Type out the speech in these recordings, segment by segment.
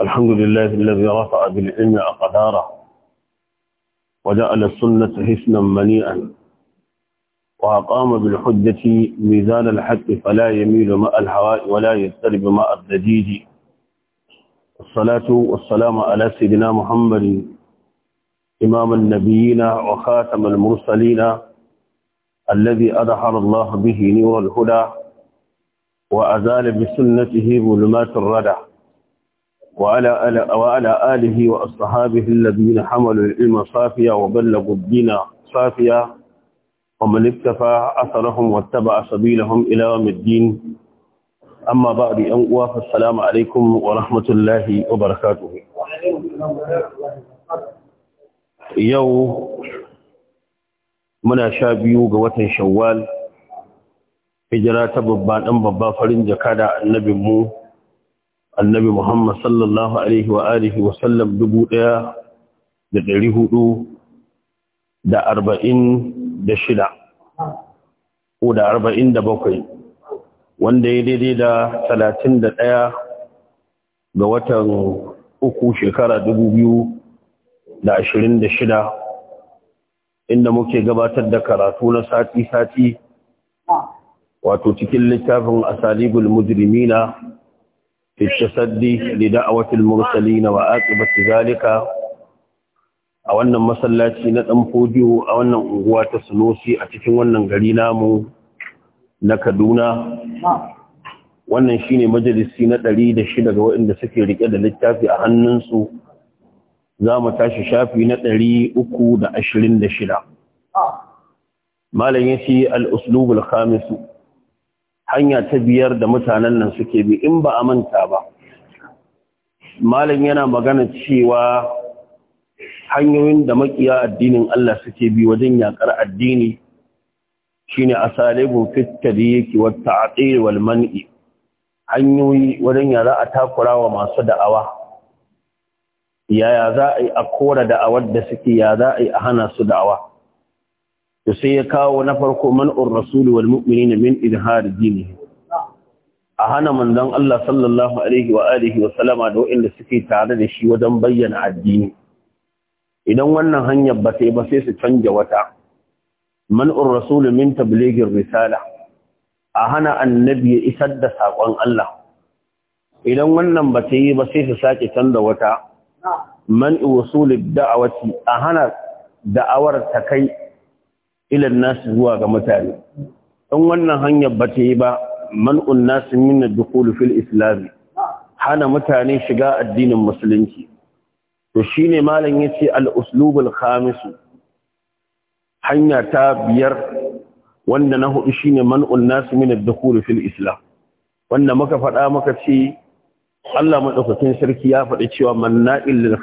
الحمد لله الذي رفع بالعلم أقداره وجعل السنة حسنا منيئا وأقام بالحجة ميزان الحق فلا يميل ماء الهواء ولا يسترب ماء الدجيج الصلاة والسلام على سيدنا محمد إمام النبيين وخاتم المرسلين الذي أدحر الله به نور الهدى وأزال بسنته ظلمات الردى وعلى آل وعلى آله وأصحابه الذين حملوا العلم صافيا وبلغوا الدين صافيا ومن اكتفى أثرهم واتبع سبيلهم إلى يوم الدين أما بعد أن السلام عليكم ورحمة الله وبركاته يوم muna sha biyu ga watan shawwal hijira ta babban dan babba farin jaka da annabinmu annabi Muhammad sallallahu alaihi wa alihi wa dubu ɗaya da ɗari hudu da arba'in da shida ko da arba'in da bakwai wanda ya daidai da talatin da ɗaya ga watan uku shekara dubu biyu da ashirin da shida inda muke gabatar da karatu na sati-sati wato cikin littafin asalibul mujrimina في التصدي لدعوة المرسلين وآقبة Zalika, a wannan masallaci na ɗan fodiyo a wannan unguwa ta sunusi a cikin wannan gari namu na kaduna wannan shine majalisi na ɗari da shida ga waɗanda suke riƙe da littafi a hannunsu za mu tashi shafi na ɗari uku da ashirin da shida malam ya ce al'uslubul khamisu hanya ta biyar da mutanen nan suke bi in ba a manta ba malam yana magana cewa hanyoyin da makiya addinin Allah suke bi wajen yakar addini shine asalibun fitariyaki wa ta'til wal man'i hanyoyi wajen ya za a takurawa masu da'awa yaya za a yi kora da'awar da suke ya za a hana su da'awa da sai ya kawo na farko man'ur rasulu wal mu'minin min izhar dinihi a hana manzon Allah sallallahu alaihi wa alihi wa sallama da wanda suke tare da shi wajen bayyana addini idan wannan hanyar ba sai ba sai su canja wata man'ur rasulu min tablighir risala a hana annabi ya isar da sakon Allah idan wannan ba ta yi ba sai su sake canza wata man'u wasulid da'awati a hana da'awar ta kai ilan nasu zuwa ga mutane in wannan hanyar ba ta yi ba man'un nasu minna dukulu fil islami hana mutane shiga addinin musulunci to ne malam yace al-uslubul khamisu, hanya ta biyar wanda na hudu shine man'un nasu min ad fil islam wanda muka faɗa muka ce Allah madaukakin sarki ya faɗi cewa manna'il lil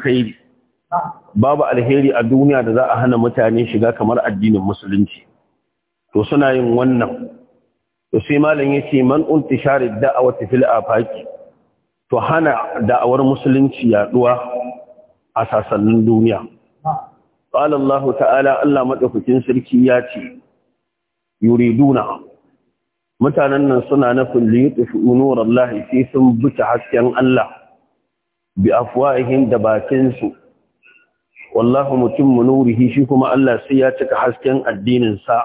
babu alheri a duniya da za a hana mutane shiga kamar addinin musulunci to suna yin wannan to sai malam yace man untishari da'awati fil afaki to hana da'awar musulunci yaduwa a sasannin duniya qala Allah ta'ala Allah madaukakin sarki ya ce yuriduna mutanen nan suna nufin li yutfu nurallahi sai sun buta hasken Allah bi afwahihim da bakin su wallahu mutimmu nurihi shi kuma Allah sai ya cika hasken addinin sa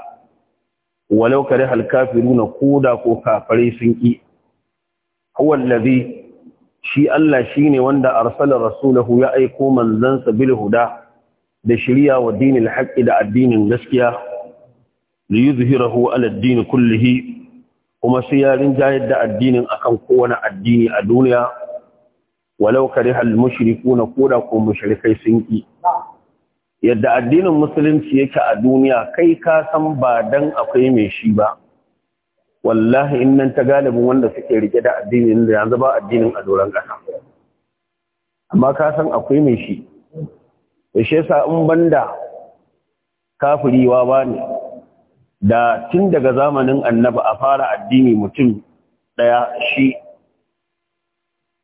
walau kare hal kafiruna koda ko kafare sun ki huwa allazi shi Allah shine wanda arsala rasulahu ya aiko manzansa bil huda da shiriya wa dinil haqqi da addinin gaskiya li yuzhirahu ala ad-din kullihi kuma sai ya rinjayar da addinin akan kowane addini a duniya walau kariha al-mushrikuuna koda ko mushrikai sun ki yadda addinin musulunci yake a duniya kai ka san ba dan akwai mai shi ba wallahi in nan ta galibin wanda suke rike da addinin da yanzu ba addinin a doron ƙasa amma ka san akwai mai shi da shi yasa in banda kafiriwa ba ne da tun daga zamanin annaba a fara addini mutum ɗaya shi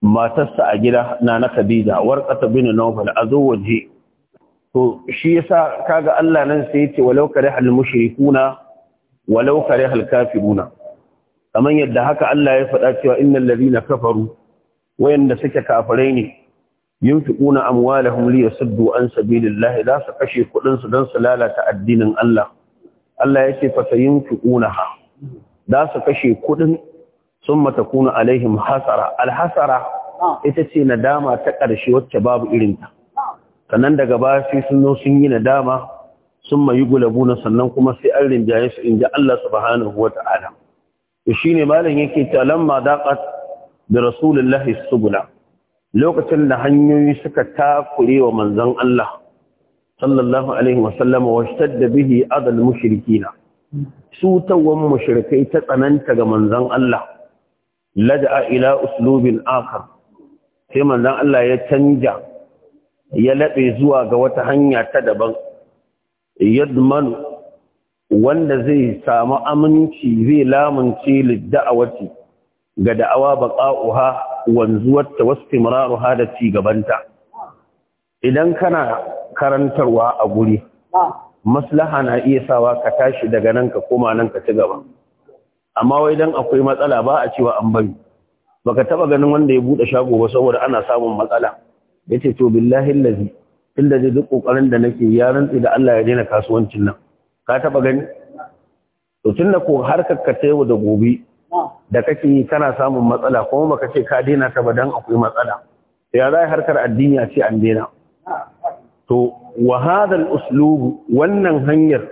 matarsa a gida na na kabila warƙata bin nawfal a zo waje to shi yasa kaga Allah nan sai yace walau karihal walaukare walau karihal kafiruna kamar yadda haka Allah ya faɗa cewa innal ladina kafaru wayanda suke kafirai ne yunfiquna amwalahum li an sabilillahi la su kashe kudin su dan su lalata addinin Allah Allah yace fa sayunfiqunaha da su kashe kudin summa takuna alaihim hasara alhasara ah. ita ce nadama ta ƙarshe wacce babu irinta sannan daga baya sai sun zo sun yi nadama sun mayi na sannan kuma sai an rinjaye su inji Allah subhanahu ta'ala. to shine malam yake ta lamma daqat bi rasulillahi subula lokacin da hanyoyi suka takure wa manzon Allah sallallahu alaihi wasallam washtadda bihi adal mushrikina su tawan mushrikai ta tsananta ga manzon Allah lada'a ila uslubin akhar sai manzon Allah ya canja ya laɓe zuwa ga wata hanya ta daban yadmanu wanda zai samu aminci zai lamunce lidda'awati ga da'awa baqa'uha wanzuwarta wastimraruha da ci gabanta idan kana karantarwa a guri maslaha na iya sawa ka tashi daga nan ka koma nan ka ci gaba amma wai dan akwai matsala ba a cewa an bari baka taba ganin wanda ya bude shago ba saboda ana samun matsala yace to billahi allazi inda zai duk kokarin da nake ya rantsi da Allah ya daina kasuwancin nan ka taba gani to tunda ko har ka ta da gobe da kake yi kana samun matsala kuma baka ce ka daina ta ba dan akwai matsala ya zai harkar addini a ce an daina to wa hada al-uslub wannan hanyar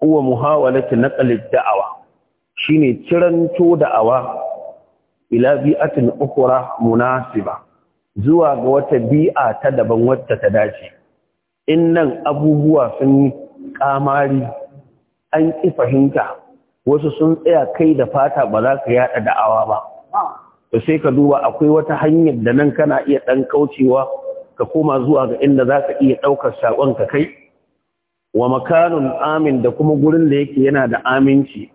huwa muhawalati naql da'awa dawa shine ciranto da'awa ila bi'atin ukhra munasiba zuwa ga wata bi'a ta daban wata ta dace in nan abubuwa sun yi kamari an ƙi fahimta wasu sun tsaya kai da fata ba za ka yaɗa da'awa ba to sai ka duba akwai wata hanyar da nan kana iya ɗan kaucewa ka koma zuwa ga inda za ka iya ɗaukar saƙon ka kai wa makanun amin da kuma gurin da yake yana da aminci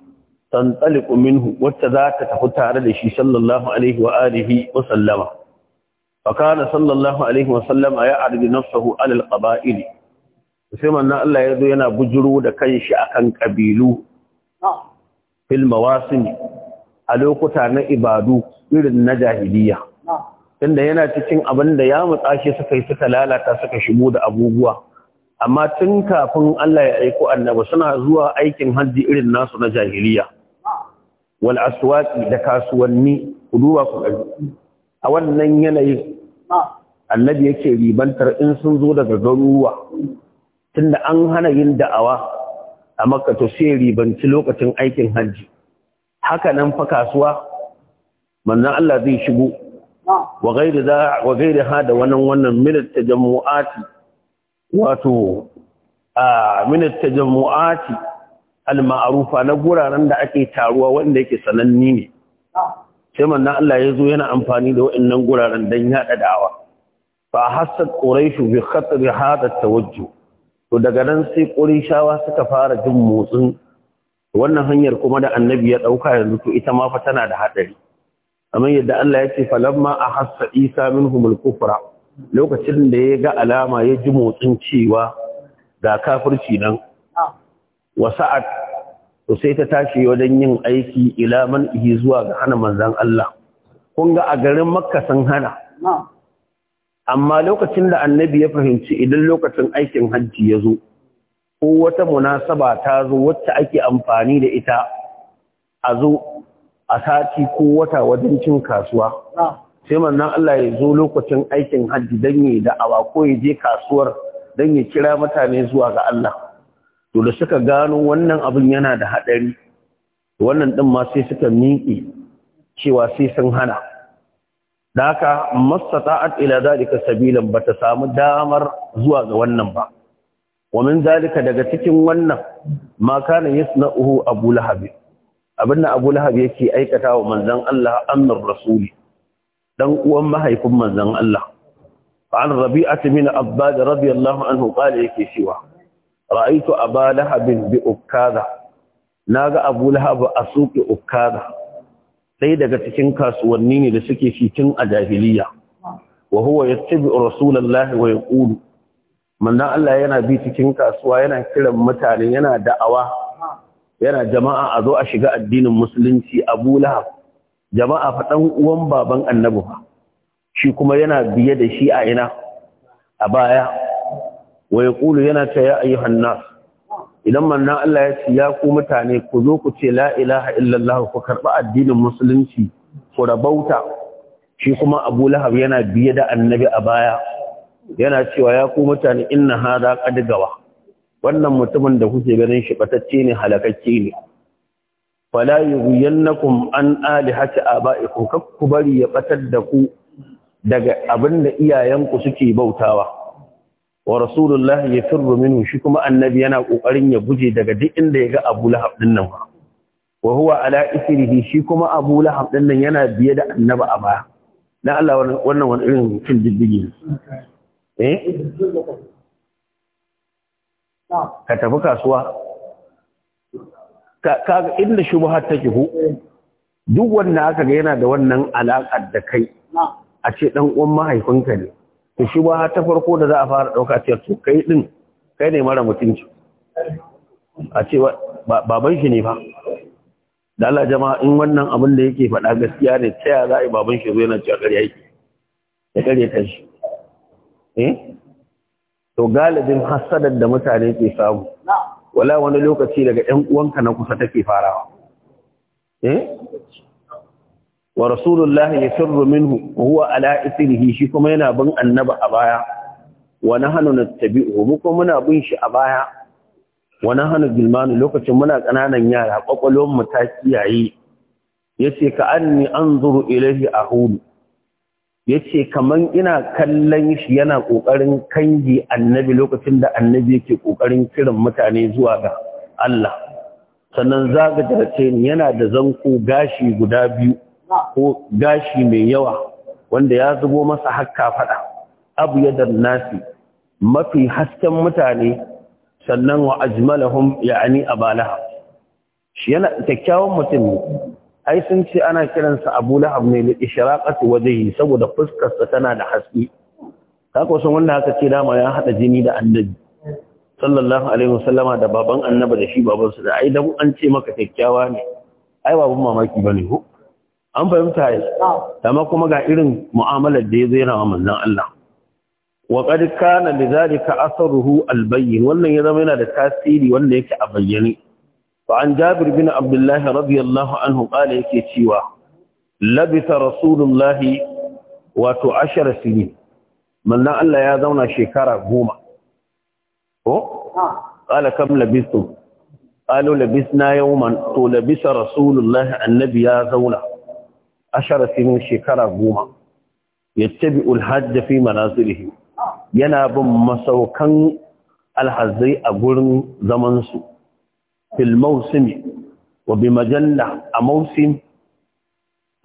tantaliqu minhu wacce za ta tafi tare da shi sallallahu alaihi wa alihi wa sallama فكان sallallahu alaihi عليه ya ardi nafsahu alal qaba'il sai manna Allah ya zo yana bujuru da kanshi akan kabilu fil mawasim a lokuta na ibadu irin na jahiliya tunda yana cikin abin da ya shi suka yi suka lalata suka shigo da abubuwa amma tun kafin Allah ya aiko annabi suna zuwa aikin hajji irin nasu na jahiliya wal aswaqi da kasuwanni ku duba ku a wannan yanayin ah. annabi yake ribantar in sun zo daga garuruwa tunda an hana yin da'awa a makka sai ribanci lokacin aikin hajji haka nan fa kasuwa manzon Allah zai shigo ah. wa gairi da wa ha da wannan wannan ta tajammu'ati wato a ta tajammu'ati al-ma'rufa na guraren da ake taruwa wanda yake sananni ne ah. sai manna Allah ya zo yana amfani da waɗannan guraren don yaɗa da'awa fa hasad quraishu bi khatar hada tawajjuh to daga nan sai qurayshawa suka fara jin motsin wannan hanyar kuma da annabi ya dauka yanzu to ita ma fa tana da hadari kamar yadda Allah ya ce falamma ahassa isa minhumul kufra lokacin da ya ga alama ya ji motsin cewa ga kafirci nan ah. wasa'at to sai ta tashi wajen yin aiki ila man ihi zuwa ga hana manzan Allah kun ga a garin makka sun hana amma lokacin da annabi ya fahimci idan lokacin aikin hajji ya zo ko wata munasaba ta zo wacce ake amfani da ita a zo a sati ko wata wajen cin kasuwa sai manzan Allah ya zo lokacin aikin hajji don yi awa ko ya je kasuwar don ya kira mutane zuwa ga Allah to da suka gano wannan abin yana da haɗari wannan ɗin ma sai suka miƙe cewa sai sun hana da haka mastata'at ila zalika sabilan bata samu damar zuwa ga wannan ba wa min zalika daga cikin wannan ma kana yasna'uhu Abu Lahab da Abu Lahab yake aikata wa manzon Allah annar rasuli dan uwan mahaifin manzon Allah fa an rabi'at min abbad radiyallahu anhu qala yake cewa ra'aitu aba lahabin bi ukkaza naga abu lahab a suke ukkaza sai daga cikin kasuwanni ne da suke fitin a jahiliya wa huwa yattabi rasulullahi wa yaqulu manzon Allah yana bi cikin kasuwa yana kiran mutane yana da'awa yana jama'a a zo a shiga addinin musulunci abu lahab jama'a fa dan uwan baban annabi shi kuma yana biye da shi a ina a baya wa Kulu yana ta ya ayi hannu. idan manna Allah ya ce ya ku mutane ku zo ku ce la'ilaha ilaha illallah ku karɓi addinin musulunci ku rabauta shi kuma Abu Lahab yana biye da annabi a baya yana cewa ya ku mutane inna hada qad wannan mutumin da kuke ganin shi batacce ne halakacce ne fala kuma an ali a alihati abaikum kakku bari ya batar da ku daga abin da iyayenku suke bautawa wa rasulullah ya firru minhu shi kuma annabi yana kokarin ya guje daga duk inda ya ga Abu Lahab din nan wa huwa ala ithrihi shi kuma Abu Lahab din nan yana biye da annabi a baya dan Allah wannan wani irin cin diddigi eh ka tafi kasuwa ka inda shubha take hu duk wanda aka ga yana da wannan alaka da kai a ce dan uwan mahaifinka ne to shi ba ta farko da za a fara ɗauka cewa to kai ɗin kai ne mara mutunci a ce baban shi ne fa da Allah jama'a in wannan abin da yake faɗa gaskiya ne ta ya za a yi baban shi zo yana cewa ƙarya yake ya ƙarya ta shi eh to galibin hasadar da mutane ke samu wala wani lokaci daga ƴan uwanka na kusa take farawa eh wa rasulullah yasirru minhu wa huwa ala ithrihi shi kuma yana bin annaba a baya wa nahnu nattabi'u mu kuma muna bin shi a baya wa nahnu gilman lokacin muna kananan yara kokolon mu ta kiyaye yace ka anni anzuru ilayhi ahul yace kaman ina kallon shi yana kokarin kangi annabi lokacin da annabi yake kokarin kiran mutane zuwa ga Allah sannan zaga da yana da zanko gashi guda biyu ko gashi mai yawa wanda ya zubo masa hakka fada abu ya nasi mafi hasken mutane sannan wa ajmalahum ya'ani abalaha shi yana kyakkyawan mutum ne ai sun ce ana kiransa Abu Lahab ne li ishraqati wajhi saboda fuskar sa tana da haske kaka wasan wanda haka ce dama ya hada jini da annabi sallallahu alaihi wasallama da baban annabi da shi su da ai dan an ce maka kyakkyawa ne ai babu mamaki bane ko an fahimta ya amma kuma ga irin mu'amalar da ya zai rawa manzan Allah wa qad kana lidhalika asaruhu albayyin wannan ya zama yana da tasiri wanda yake a bayyane fa an jabir bin Abdullahi radiyallahu anhu qala yake cewa labita rasulullahi! wato ashara sinin manzan Allah ya zauna shekara goma ko qala kam labistum قالوا لبسنا يوما تو لبس رسول الله النبي يا زولا ashara sinin shekara goma yattabi ulhajja fi manazilihi yana bin masaukan alhazai a gurin zaman su fil mawsimi wa bi majalla a mawsim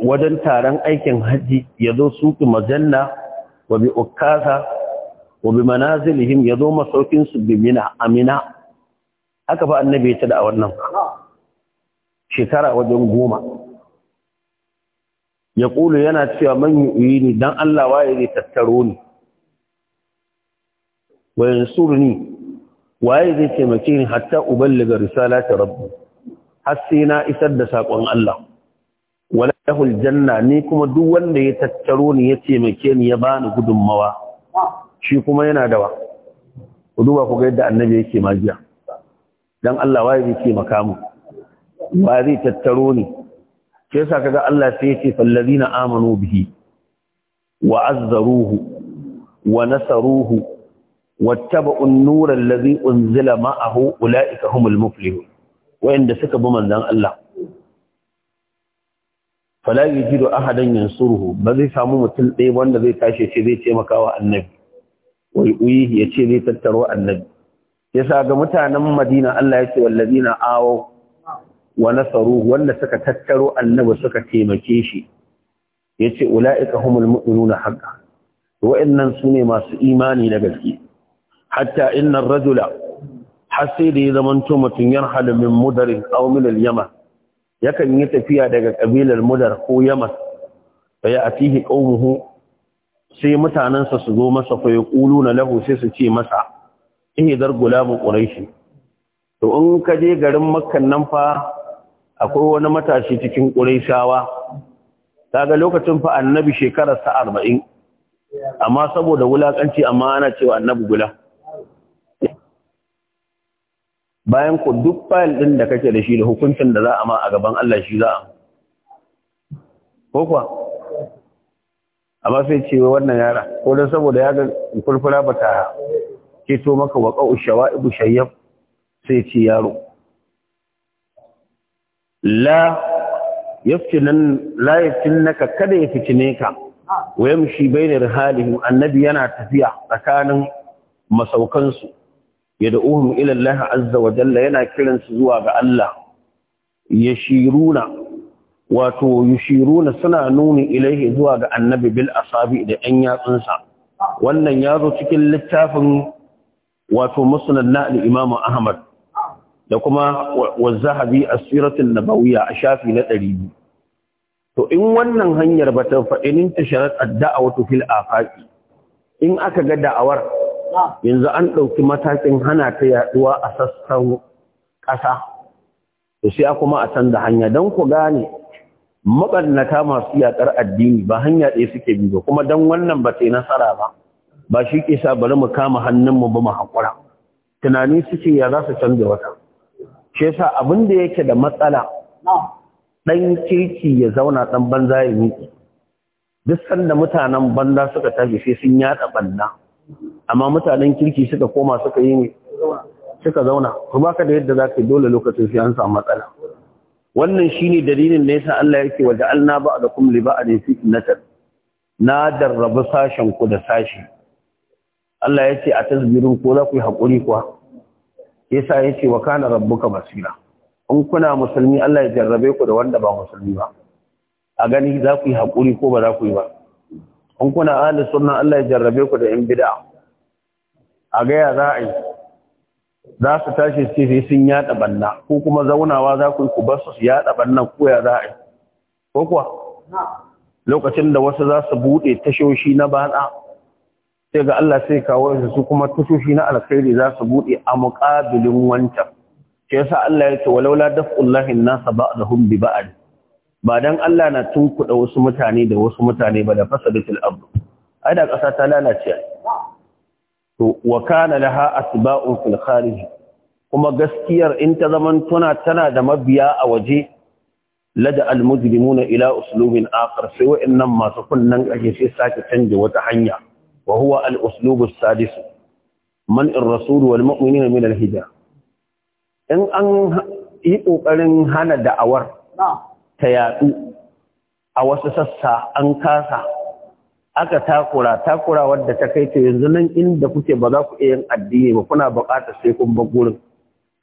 wajen taron aikin hajji yazo suki majalla wa bi ukkaza wa bi manazilihim yazo masaukin su bi mina amina haka fa annabi ya da a wannan shekara wajen goma ya ƙulu yana cewa man yi ni don Allah waye zai tattaro ni wayan suru ni waye zai taimake ni hatta uballiga risalata rabbi har sai na isar da saƙon Allah wala lahul janna ni kuma duk wanda ya tattaro ni ya taimake ni ya bani gudunmawa shi kuma yana dawa ku duba ku ga yadda annabi yake magiya dan Allah waye zai taimaka mu waye zai tattaro ni shi yasa kaga Allah sai yace ce fallazina amanu bihi wa azzaruhu wa nasaruhu wattaba'u an-nura allazi unzila ma'ahu ulaika humul muflihun wa'inda suka bi manzon Allah fala yajidu ahadan yansuruhu ba zai samu mutum ɗaya wanda zai tashi ce zai taimakawa annabi wai uyi ya ce zai tattaro annabi yasa ga mutanen Madina Allah ya ce wallazina awaw wa nasaru wanda suka tattaro annabi suka taimake shi yace ulaika humul mu'minuna haqqan wa'annan sune masu imani na gaske hatta in ar-rajula hasidi ya zamanto mutun 'yan min mudar aw min al yakan yi tafiya daga kabilar mudar ko yaman fa ya'tihi qaumuhu sai mutanansa su zo masa fa yaquluna lahu sai su ce masa ihdar gulamu quraishi to in ka je garin makkan nan fa akwai wani matashi cikin ƙuraishawa ta ga lokacin fa annabi shekarar sa arba'in amma saboda wulaƙanci amma ana cewa annabi gula bayan ku duk fayil ɗin da kake da shi da hukuncin da za a ma a gaban Allah shi za a ko kuwa amma sai ce wannan yara ko don saboda ya ga kurkura ba ta keto maka waƙa'u shawa'ibu shayyab sai ce yaro la yaftinan la naka, kada ya fitine ka wa bai bainar halihim annabi yana tafiya tsakanin masaukan su da ila Allah azza wa jalla yana kiran su zuwa ga Allah yashiruna wato yushiruna suna nuni ilaihi zuwa ga annabi bil asabi da 'yan yatsunsa wannan ya zo cikin littafin wato musnad na al-Imam Ahmad da kuma wazahabi a siratun nabawiya a shafi na ɗari biyu to in wannan hanyar ba ta fa'inin ta sharaɗar wata fil afaki in aka ga da'awar yanzu an ɗauki matakin hana ta yaɗuwa a sassan ƙasa to sai kuma a canza hanya don ku gane maɓarnata masu yaƙar addini ba hanya ɗaya suke bi ba kuma don wannan ba ta yi nasara ba ba shi ke sa bari mu kama hannunmu ba mu haƙura tunani suke ya za su canza wata shi yasa abin da yake da matsala dan kirki ya zauna dan banza ya miƙe duk sanda mutanen banza suka tafi sai sun yada banna amma mutanen kirki suka koma suka yi suka zauna ku baka da yadda zaka yi dole lokacin sai an samu matsala wannan shine dalilin da yasa Allah yake wa ja'alna ba'dakum li ba'din fitnatan na darrabu sashen ku da sashi Allah yake a tasbirin ko za ku yi hakuri kuwa yasa yake wa kana rabbuka basira in kuna musulmi Allah ya jarrabe ku da wanda ba musulmi ba a gani za ku yi hakuri ko ba za ku yi ba in kuna ahli sunna Allah ya jarrabe ku da in bid'a a ga ya za a yi za su tashi su ce sun yaɗa banna ko kuma zaunawa za ku yi ku bar su su yaɗa banna ko ya za a yi ko kuwa lokacin da wasu za su buɗe tashoshi na bada. sai ga Allah sai kawo su su kuma tushoshi na alkhairi za su buɗe a muƙabilin wancan Ke yasa Allah ya ce walaula daf'ullahi nasa ba'dahum bi ba'd ba dan Allah na tunkuɗa wasu mutane da wasu mutane ba da fasadatul abd ai da ƙasa ta lalace to wa kana laha asba'un fil kharij kuma gaskiyar in ta zaman tuna tana da mabiya a waje lada al-mujrimuna ila uslubin akhar sai wa'annan masu kunnan ƙarshe sai sake canje wata hanya وهو huwa al من الرسول والمؤمنين من ar-rasul wal mu'minina min hijra in an yi kokarin hana da'awar ta a wasu sassa an kasa aka takura takura wadda ta kai ta yanzu nan inda kuke ba za ku iya yin addini ba kuna buƙatar sai kun ba gurin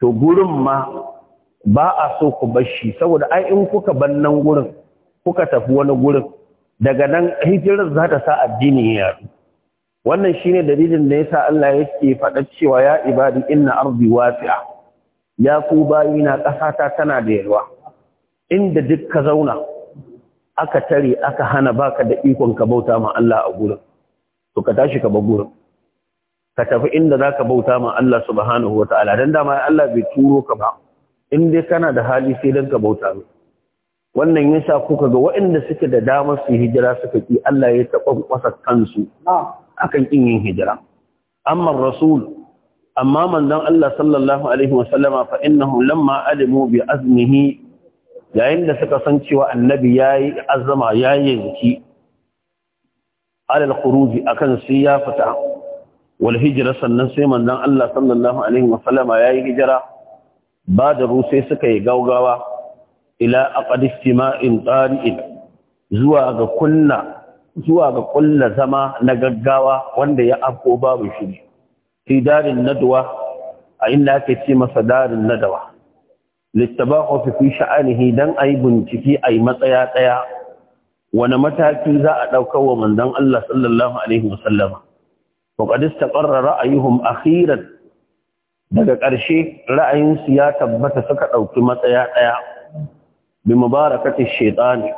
to gurin ma ba a so ku bar shi saboda ai in kuka bar nan gurin kuka tafi wani gurin daga nan hijirar za ta sa addini ya yaɗu wannan shine dalilin da yasa Allah yake faɗa cewa ya ibadi inna ardi wasi'a ya ku bayina ƙasata tana da yawa. inda duk ka zauna aka tare aka hana baka da ikon ka bauta ma Allah a gurin to ka tashi ka bar gurin ka tafi inda zaka bauta ma Allah subhanahu wataala dan dama Allah bai turo ka ba in dai kana da hali sai dan ka bauta mai wannan yasa kuka ga waɗanda suke da damar su hijira suka ki Allah ya taɓa kwasa kansu akan kin yin hijira amma rasul amma manzon Allah sallallahu alaihi sallama. fa innahu lamma alimu bi azmihi yayin da suka san cewa annabi yayi azama yayi yanki alal khuruj akan sai ya fita wal hijra sannan sai manzon Allah sallallahu alaihi wasallama yayi hijira ba da sai suka yi gaugawa ila aqad istima'in tari'in zuwa ga kunna zuwa ga kulla zama na gaggawa wanda ya afko babu shi fi darin nadwa a inda ake ce masa darin nadawa littabaqu fi sha'anihi dan ayi bincike ayi matsaya tsaya wani mataki za a ɗaukar wa manzon Allah sallallahu alaihi wasallam wa qad istaqarra ra'ayuhum akhiran daga ƙarshe ra'ayinsu ya tabbata suka ɗauki matsaya ɗaya bi mubarakati shaytani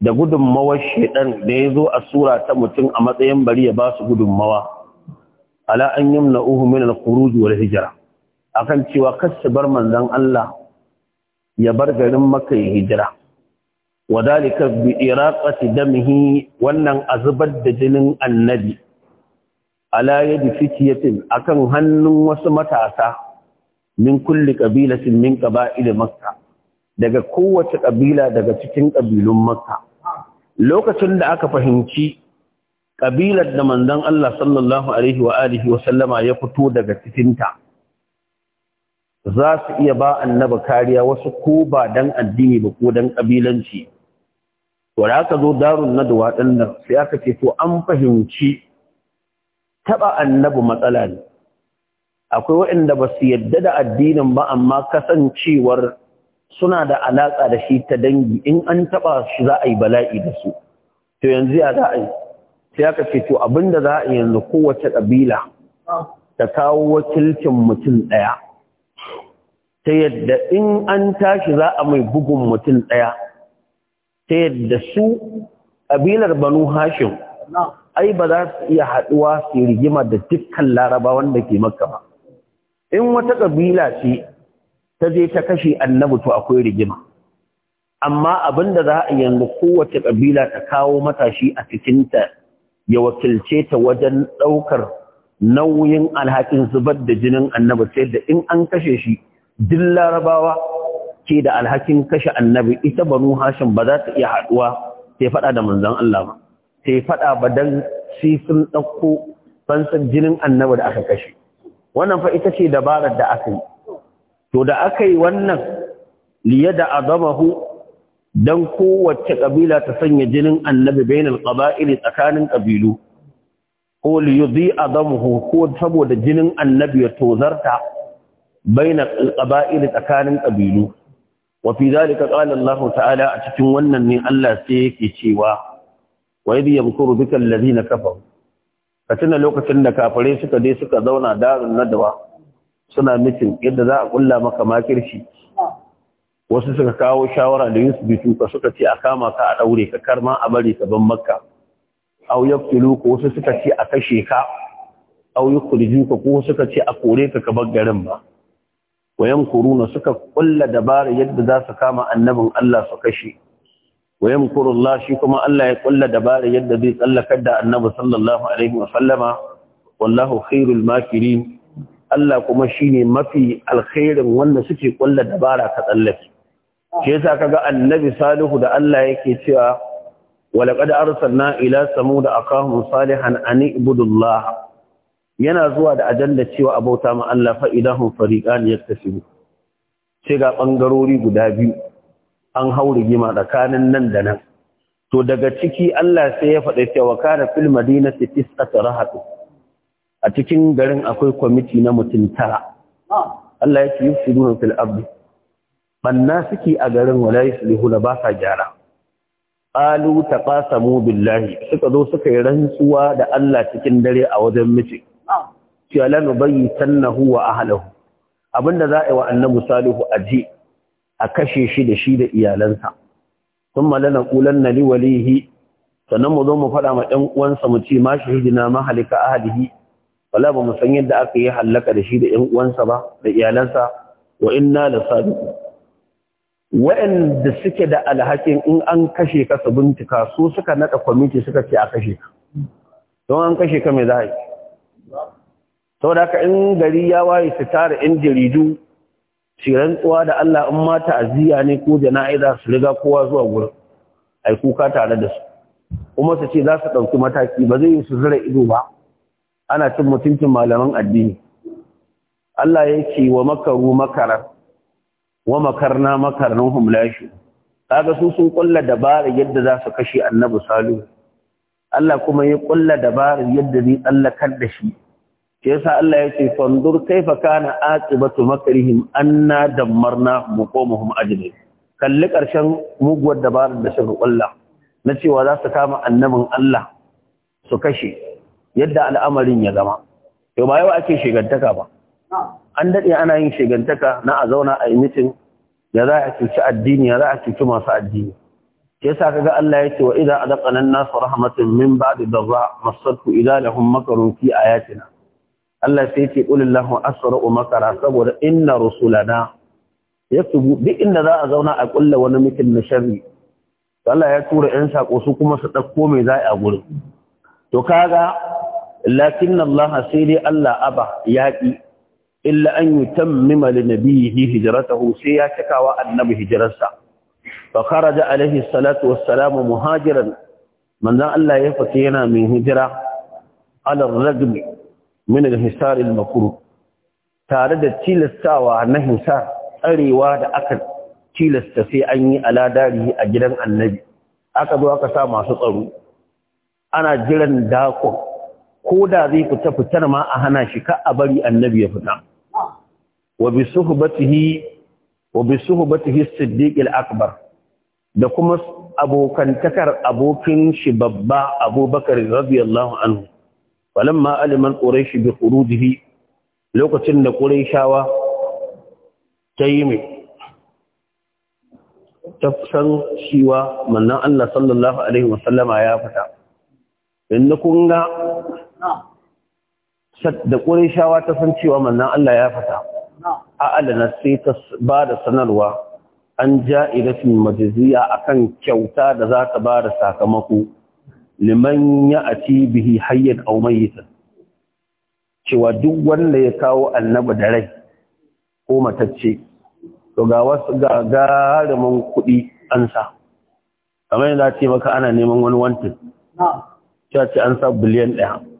da gudunmawar shaidan da ya zo a sura ta mutum a matsayin bari ya ba su gudunmawa ala an na uhu minar kuruji wa wal a akan cewa kasu bar manzon Allah ya bar garin maka ya hijira wadalika bi iraqati damihi wannan azubar da jinin annabi ala ya yadi fitiyatin kan hannun wasu matasa min kulli qabilatin min qaba'il makkah daga kowace ƙabila daga cikin ƙabilun makka lokacin da aka fahimci ƙabilar da manzon Allah sallallahu alaihi wa alihi sallama ya fito daga cikinta za su iya ba annaba kariya wasu ko ba dan addini ba ko dan ƙabilanci to aka zo darun nadwa din nan sai aka ce to an fahimci taɓa annabi matsala ne akwai waɗanda ba su yadda da addinin ba amma kasancewar suna da alaƙa da shi ta dangi in an taɓa shi za a yi bala'i da su to yanzu ya za a yi sai aka ce to abin da za a yi yanzu kowace ƙabila ta kawo wakilcin mutum ɗaya ta yadda in an tashi za a mai bugun mutum ɗaya ta yadda su ƙabilar banu hashim ai ba za su iya haɗuwa su rigima da dukkan larabawan da ke makka ba in wata ƙabila ce ta je ta kashe annabi to akwai rigima amma abin da za a yanzu kowace kabila ta kawo matashi a cikinta ya wakilce ta wajen ɗaukar nauyin alhakin zubar da jinin annabi sai da in an kashe shi duk larabawa ke da alhakin kashe annabi ita banu hashim ba za ta iya haɗuwa sai faɗa da manzon Allah ba sai faɗa ba dan sifin sun ɗauko fansan jinin annabi da aka kashe wannan fa ita ce dabarar da aka yi to da aka yi wannan liyada da azamahu don kowace ƙabila ta sanya jinin annabi bainal ƙaba'ili tsakanin ƙabilu ko liyuzi azamuhu ko saboda jinin annabi ya tozarta bainal ƙaba'ili tsakanin ƙabilu wa fi zalika qala Allah ta'ala a cikin wannan ne Allah sai yake cewa wa idh yamkuru bika alladhina kafaru ka tuna lokacin da kafare suka je suka zauna darun nadawa suna mitin yadda za a kulla maka makirci wasu suka kawo shawara da yusuf bitu ka suka ce a kama ka a daure ka karma a bari ka ban makka aw yaqtulu ko wasu suka ce a kashe ka aw yukhriju ka ko suka ce a kore ka ka bar garin ba wayan kuruna suka kulla dabara yadda za su kama annabin Allah su kashe wayan kurullah shi kuma Allah ya kulla dabara yadda zai tsallakar da annabi sallallahu alaihi wa sallama wallahu khairul makirin Allah kuma shine mafi alkhairin wanda suke kulla dabara ka tsallake shi yasa kaga annabi salihu da Allah yake cewa walaqad arsalna ila samud aqahum salihan an ibudullah yana zuwa da ajanda cewa abauta ma Allah fa idahum fariqan yaktasibu sai ga bangarori guda biyu an haure gima tsakanin nan da nan to daga ciki Allah sai ya faɗa cewa kana fil madinati tis'atu rahatu a cikin garin akwai kwamiti na mutum tara Allah ya ce yufsiduna fil ardi banna suke a garin wala su ba sa gyara ƙasa ƙasa billahi suka zo suka yi rantsuwa da Allah cikin dare a wajen miji ci ala huwa wa ahlihi abinda za a yi wa annabi salihu a ji a kashe shi da shi da iyalansa thumma lanaqulanna liwalihi sannan mu zo mu faɗa ma ɗan uwansa mu ce ma shahidina mahalika ahlihi wala ba mu san yadda aka yi hallaka da shi da ƴan uwansa ba da iyalansa wa inna la sadiqun wa'anda suke da alhakin in an kashe ka su bincika su suka nada kwamiti suka ce a kashe ka don an kashe ka me za yi saboda haka in gari ya waye su tara yan jaridu shirin rantsuwa da Allah in ma ta'aziya ne ko jana'iza su riga kowa zuwa gurin ai kuka tare da su kuma su ce za su ɗauki mataki ba zai yi su zura ido ba ana cin mutuncin malaman addini Allah ya ce wa makaru makara wa makarna makarnin humlashi kaga su sun kulla dabarar yadda za su kashe annabi salihu Allah kuma ya kulla dabarar yadda zai tsallakar da shi shi yasa Allah ya ce fandur kaifa kana aqibatu makrihim anna dammarna muqamuhum ajrin kalli karshen muguwar dabarar da suka kulla na cewa za su kama annabin Allah su kashe yadda al'amarin ya zama to ba yau ake shigantaka ba an daɗe ana yin shigantaka na a zauna a mitin ya za a cuci addini ya za a cuci masu addini ke sa ga Allah ya ce wa idza adaqana an-nas rahmatan min ba'di dharra masatku da lahum makarun fi ayatina Allah sai ya ce qulillahu asra'u makara saboda inna rusulana yaktubu duk inda za a zauna a kulla wani mutum na sharri Allah ya tura 'yan sako su kuma su ɗauko mai za a gurin. To ka ga. lakin Allah sai dai Allah aba yaƙi illa an yi tammima da nabihi hijiratahu sai ya cikawa annabi hijirarsa fa kharaja alaihi salatu wassalamu muhajiran manzan Allah ya fita yana mai hijira ala ragm min al-hisar tare da tilastawa na hisar tsarewa da aka tilasta sai an yi aladari a gidan annabi aka zo aka sa masu tsaro ana jiran dakon ko da zai fita fitar ma a hana shi ka a bari annabi ya fita wa bi suhbatihi wa bi akbar da kuma abokantakar abokin shi babba abubakar radiyallahu anhu falamma aliman quraish bi khurujihi lokacin da quraishawa ta yi mai tafsan cewa mannan Allah sallallahu Alaihi wasallama ya fita, In kun ga da shawa ta san cewa mannan Allah ya fata a adana sai ta ba da sanarwa an ja'iratun majiziya akan kyauta da za ta ba da sakamako liman ya a ci bihi hayyar aumayyita cewa duk wanda ya kawo annaba da rai ko matacce to ga wasu gagarumin kuɗi an sa kamar yadda ce maka ana neman wani wantin ta ce an sa biliyan ɗaya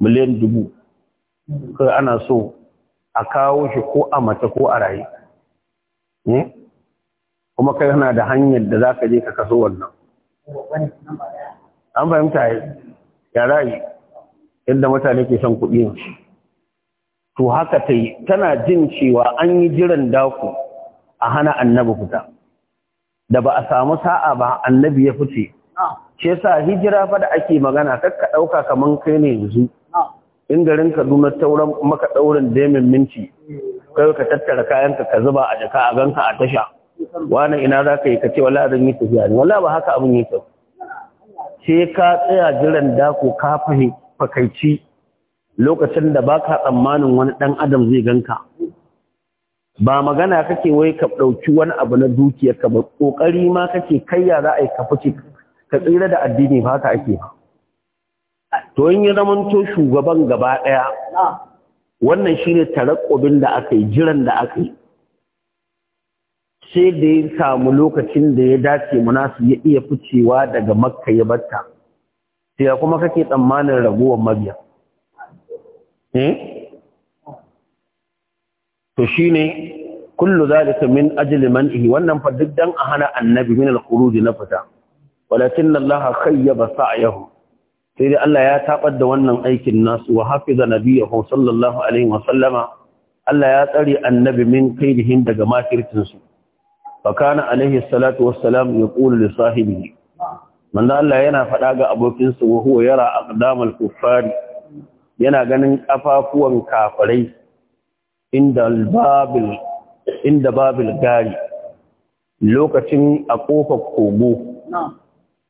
miliyan dubu kai ana so a kawo shi ko a mace ko a raye hmm? kuma kai yana da hanyar da za je ka kaso wannan an fahimta ya rayu yadda mutane ke son kuɗi to haka ta yi tana jin cewa an yi jiran daku a hana annabi fita da ba a samu sa'a ba annabi ya fice shi yasa hijira fa da ake magana kakka ɗauka kaman kai ne yanzu in garin Kaduna tauran maka daurin demin minti kai ka tattara kayanka ka zuba a jaka a ganka a tasha wani ina za ka yi ka ce wala zan yi tafiya ne wala ba haka abin yi yake ce ka tsaya jiran dako ka fahimci fakaici lokacin da ba ka tsammanin wani ɗan adam zai ganka ba magana kake wai ka ɗauki wani abu na dukiyar ka ba ƙoƙari ma kake kai za a yi ka fice ka tsira da addini ba haka ake ba to in ya zamanto shugaban gaba ɗaya wannan shine tarakkubin da aka yi jiran da aka yi sai da ya samu lokacin da ya dace munasu ya iya ficewa daga makka ya batta sai ya kuma kake tsammanin raguwar mabiya eh? to shine kullu zalika min ajli ihi wannan fa duk dan a hana annabi min al-khuruj na fita walakin Allah khayyaba yahu. sai dai Allah ya tabar da wannan aikin nasu wa hafiza nabiyahu sallallahu alaihi wa sallama Allah ya tsare annabi min kaidihim daga makircin su fa kana alaihi salatu wassalam yaqulu li sahibihi manzo Allah yana faɗa ga abokinsa wa huwa yara aqdamal kuffari yana ganin kafafuwan kafirai inda babil inda babil gari lokacin a kofar kogo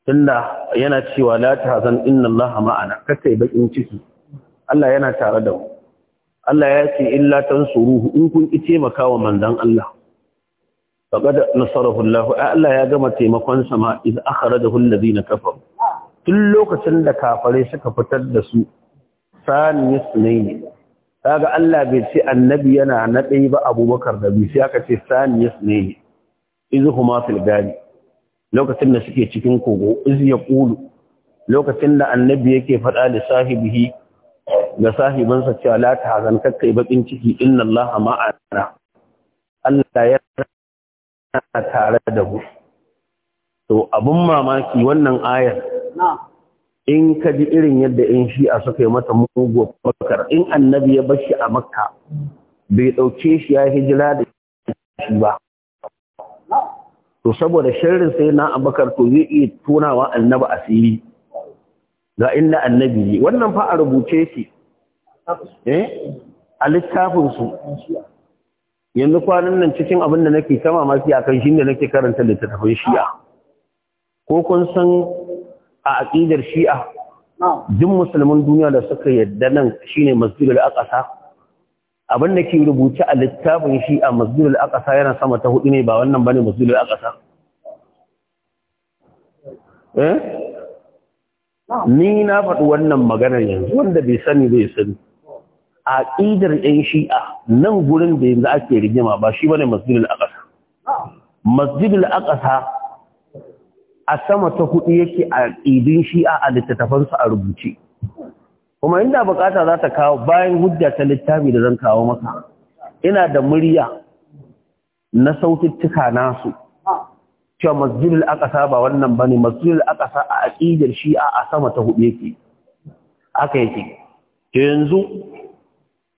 tunda yana cewa la tahzan inna allaha ma'ana kace bakin ciki Allah yana tare da mu Allah ya ce illa tansuruhu in kun ki makawa manzon Allah faqad nasarahu Allah Allah ya gama taimakon sa ma iz akhrajahu alladhina kafaru tun lokacin da kafare suka fitar da su sani yasnaini kaga Allah bai ce annabi yana na ba Abubakar da bi sai aka ce sani yasnaini izhuma fil gani lokacin da suke cikin kogo iz yaqulu lokacin da annabi yake faɗa da sahibihi ga sahibinsa cewa la tahzan kakka bakin ciki inna allaha ma'ana Allah ya tare da mu to abun mamaki wannan ayar in ka ji irin yadda in shi suka yi mata mugu bakar in annabi ya bashi a makka bai ɗauke shi ya hijira da shi ba to saboda sharrin sai na abakar to zai iya tunawa annabi asiri ga inda annabi ne wannan fa a rubuce shi eh a littafin su yanzu kwanan nan cikin abin da nake ta ya kan shi ne nake karanta littattafan shi'a ko kun san a aƙidar shi'a duk musulman duniya da suka yadda nan shine masjidul aqsa abin da ke rubuce a littafin shi a masjidul aqsa yana sama ta hudu ne ba wannan bane masjidul aqsa eh ni na faɗi wannan maganar yanzu wanda bai sani bai sani a ƙidar ɗin shi'a nan gurin da yanzu ake rigima ba shi bane masjidul aqsa masjidul aqsa a sama ta hudu yake a ƙidin shi'a a littattafansu a rubuce kuma inda bukata za ta kawo bayan hujja ta littafi da zan kawo maka ina da murya na sautittuka nasu cewa masjidul aqsa ba wannan bane masjidul aqsa a aqidar shi a sama ta hudu yake Aka yake yanzu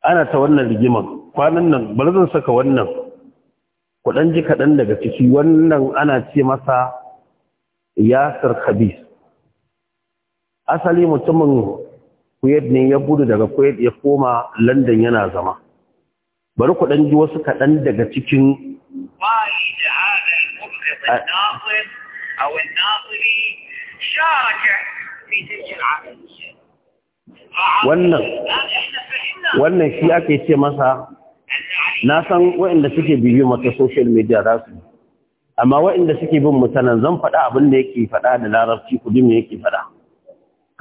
ana ta wannan rigiman. kwanan nan bari zan saka wannan kudan ji kaɗan daga ciki wannan ana ce masa yasir khabis asali mutumin Kuwait ne ya gudu daga Kuwait ya koma London yana zama. Bari ku dan ji wasu kaɗan daga cikin wannan wannan shi ake ce masa na san waɗanda suke biyu mata social media za su amma waɗanda suke bin mutanen zan faɗa abin da yake faɗa da larabci kudi me yake faɗa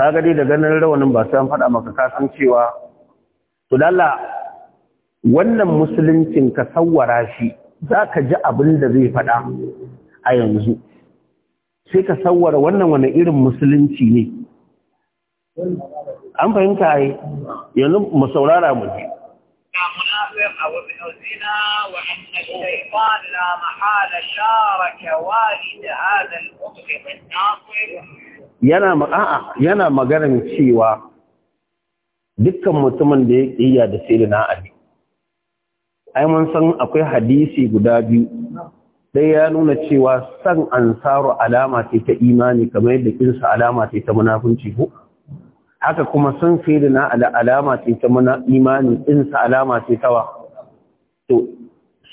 ka gadi da ganin rawanin ba sai an faɗa maka ka san cewa to dalla wannan musuluncin ka sawwara shi za ka ji abin da zai faɗa a yanzu sai ka sawwara wannan wani irin musulunci ne an fahimta yi yanzu mu saurara mu ji وأن الشيطان لا شارك والد هذا yana ma'a yana maganar cewa dukkan mutumin da ya kiyya da sayyidina na ali ai mun san akwai hadisi guda biyu dai ya nuna cewa san ansaru alama ce ta imani kamar yadda kinsa alama ce ta munafunci ko haka kuma san sayyidina ali alama ce ta imani kinsa alama ce ta wa to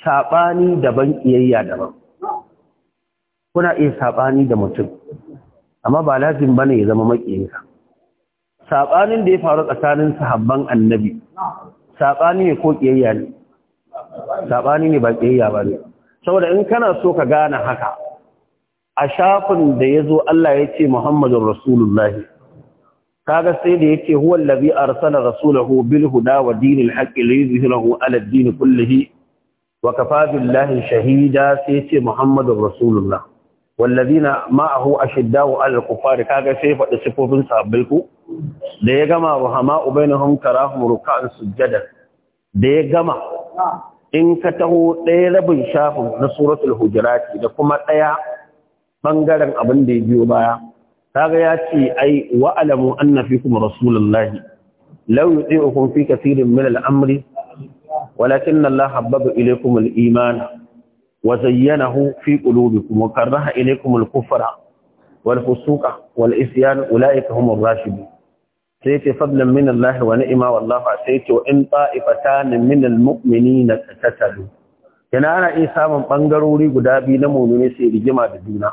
sabani daban kiyayya daban kuna iya sabani da mutum amma ba lazim bane ya zama makiyinka sabanin da ya faru tsakanin sahabban annabi sabani ne ko kiyayya ne sabani ne ba kiyayya ba ne saboda in kana so ka gane haka a shafin da zo Allah ya ce Muhammadur Rasulullahi kaga sai da yake huwa allazi arsala rasulahu bil huda wa dinil haqqi yuzhirahu ala ad-din kullihi wa kafa shahida sai ce Muhammadun rasulullah wallazina ma'ahu ashiddahu alal kufari kaga sai faɗi sifofin sahabbai da ya gama wa hama'u bainahum tarahum ruk'an sujjadan da ya gama in ka taho ɗaya rabin shafin na suratul hujurati da kuma ɗaya bangaren abin da ya biyo baya kaga ya ce ai wa'alamu anna fikum rasulullahi law yuti'ukum fi kathirin min al-amri walakinna Allah habbaba ilaykum al-iman وزينه في قلوبكم وكره إليكم الكفر والفسوق والإسيان أولئك هم الراشدون سيتي فضلا من الله ونعمة والله سيتي وإن طائفتان من المؤمنين تتتلوا yana ana iya samun ɓangarori guda biyu na mummune sai rigima da juna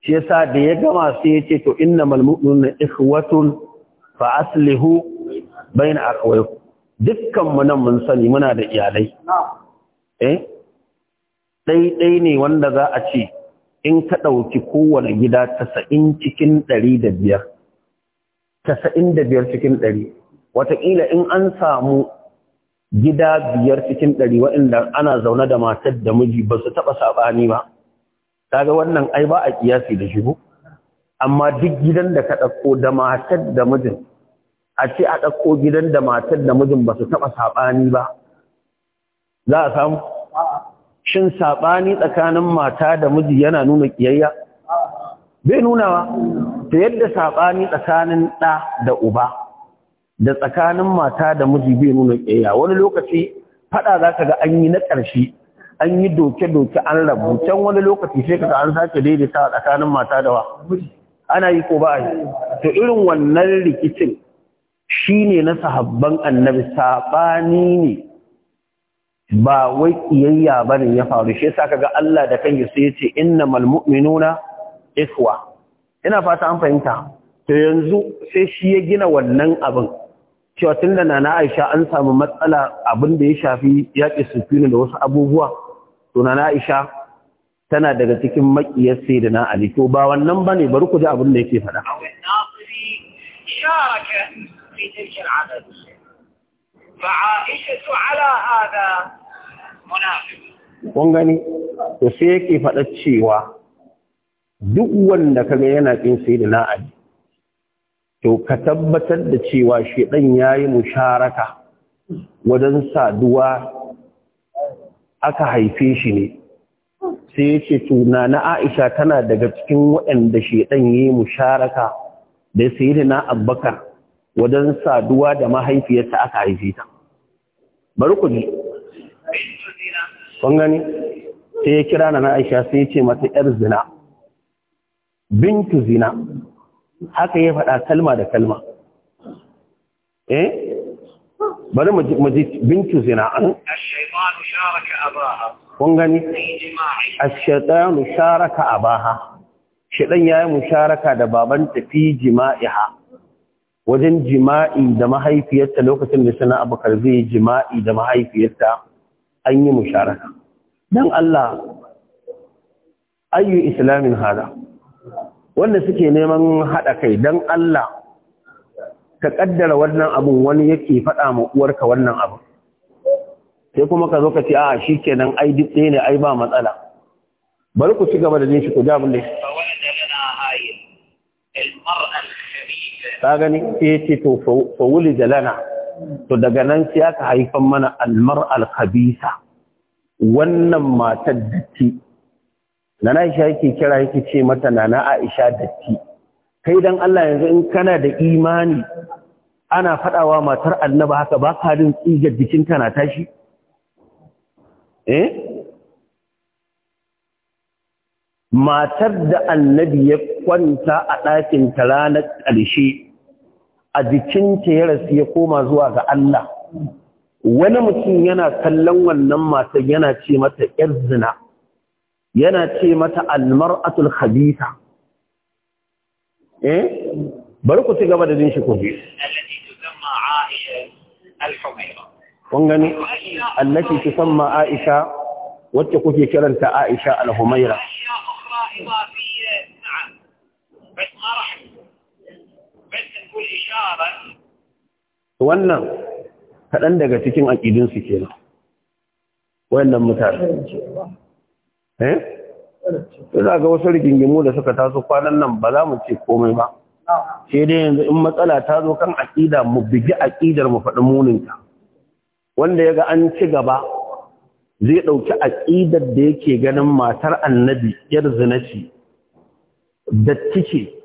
shi yasa da ya gama sai ya ce to innamal mu'minuna ikhwatun fa aslihu bayna akhawaykum dukkan mu nan mun sani muna da iyalai ɗaiɗai ne wanda za a ce in ka ɗauki kowane gida tasa'in cikin ɗari da biyar tasa'in da biyar cikin ɗari wataƙila in an samu gida biyar cikin ɗari waɗanda ana zaune da matar da miji ba su taɓa saɓani ba kaga wannan ai ba a ƙiyasi da shigo amma duk gidan da ka ɗauko da matar da mijin a ce a ɗauko gidan da matar da mijin ba su taɓa saɓani ba za a samu shin saɓani tsakanin mata da miji yana nuna ƙiyayya bai nuna ba, ta yadda saɓani tsakanin ɗa da uba da tsakanin mata da miji bai nuna ƙiyayya wani lokaci faɗa za ka ga an yi na ƙarshe an yi doke-doke an rabu can wani lokaci sai ka ga an sake daidaita tsakanin mata da wa ana yi ko ba a yi to irin wannan rikicin shine na sahabban annabi saɓani ne ba wai kiyayya ne ya faru shi yasa kaga Allah da kanki sai yace, ce innamal mu'minuna ikhwa ina fata an fahimta to yanzu sai shi ya gina wannan abin cewa tunda nana Aisha an samu matsala abin da ya shafi yaki sufini da wasu abubuwa to nana Aisha tana daga cikin makiyar na Ali to ba wannan bane bari ku ji abin da yake faɗa فعائشة على kun gani to sai yake faɗa cewa duk wanda kaga yana kin sai da to ka tabbatar da cewa shedan yayi musharaka wajen saduwa aka haife shi ne sai ya ce tuna na aisha tana daga cikin waɗanda shaidan ya yi musharaka da sai da na wajen saduwa da mahaifiyarta aka haife ta bari ku ji kun gani sai ya kira na Aisha sai ya ce mata yar zina bintu zina haka ya faɗa kalma da kalma eh bari mu ji bintu zina an ash-shaytanu sharaka abaha kun gani ash-shaytanu sharaka abaha shedan yayi musharaka da baban tafi jima'iha wajen jima'i da mahaifiyarta lokacin da sana abakar zai yi jima'i da mahaifiyarta an yi musharaka don Allah ayyu islamin hada wanda suke neman haɗa kai don Allah ka ƙaddara wannan abin wani yake faɗa ma uwarka wannan abin sai kuma ka zo ka ce a shi kenan ai duk ne ai ba matsala bari ku ci gaba da jin shi ku ji abin da ka gani sai ce to fa wuli lana to daga nan sai aka haifan mana almar alkhabisa wannan matar datti nana Aisha yake kira yake ce mata nana Aisha datti kai dan Allah yanzu in kana da imani ana fadawa matar annaba haka ba ka jin tsigar jikinta na tashi eh matar da annabi ya kwanta a ɗakin ta ranar ƙarshe a jikinta ya rasu ya koma zuwa ga Allah wani mutum yana kallon wannan matan yana ce mata ‘yar zina yana ce mata almar'atul khabitha eh bari ku ci gaba da jin shi ku ji kun gani allati tusamma aisha wacce kuke kiranta aisha al wannan kaɗan daga cikin aƙidinsu kenan wayannan mutane eh za ga wasu rigingimu da suka taso kwanan nan ba za mu ce komai ba sai dai yanzu in matsala ta zo kan aƙida mu bigi aƙidar mu faɗi muninta wanda ya ga an ci gaba zai ɗauki aƙidar da yake ganin matar annabi yar zinaci da cike